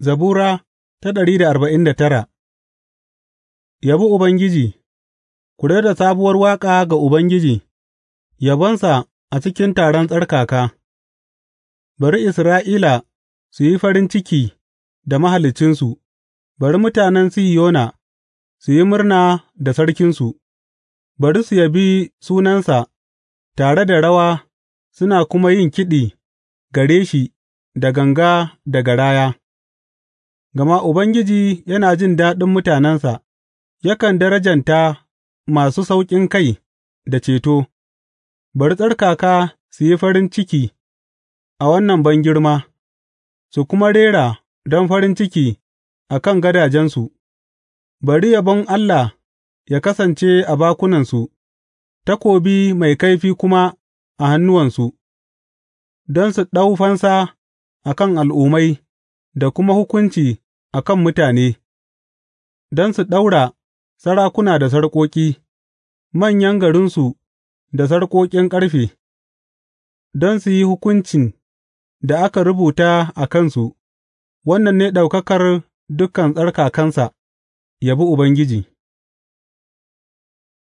Zabura ta ɗari da arba'in da tara Yabi Ubangiji Ku da sabuwar waƙa ga Ubangiji, yabonsa a cikin taron tsarkaka; bari Isra'ila su yi farin ciki da mahalicinsu. bari mutanen Siyona su yi murna da Sarkinsu, bari su yabi sunansa tare da rawa suna kuma yin kiɗi gare shi da ganga da garaya. Gama Ubangiji yana jin daɗin mutanensa; yakan darajanta masu sauƙinkai da ceto, bari tsarkaka su yi farin ciki a wannan bangirma, su kuma rera don farin ciki a kan gadajensu; bari yabon Allah ya kasance a bakunansu, takobi mai kaifi kuma a hannuwansu, don su ɗau fansa a kan al'ummai da kuma hukunci. a kan mutane, don su ɗaura sarakuna da sarƙoƙi, manyan garinsu da sarƙoƙin ƙarfe, don su yi hukuncin da aka rubuta a kansu, wannan ne ɗaukakar dukan tsarkakansa, yabi Ubangiji.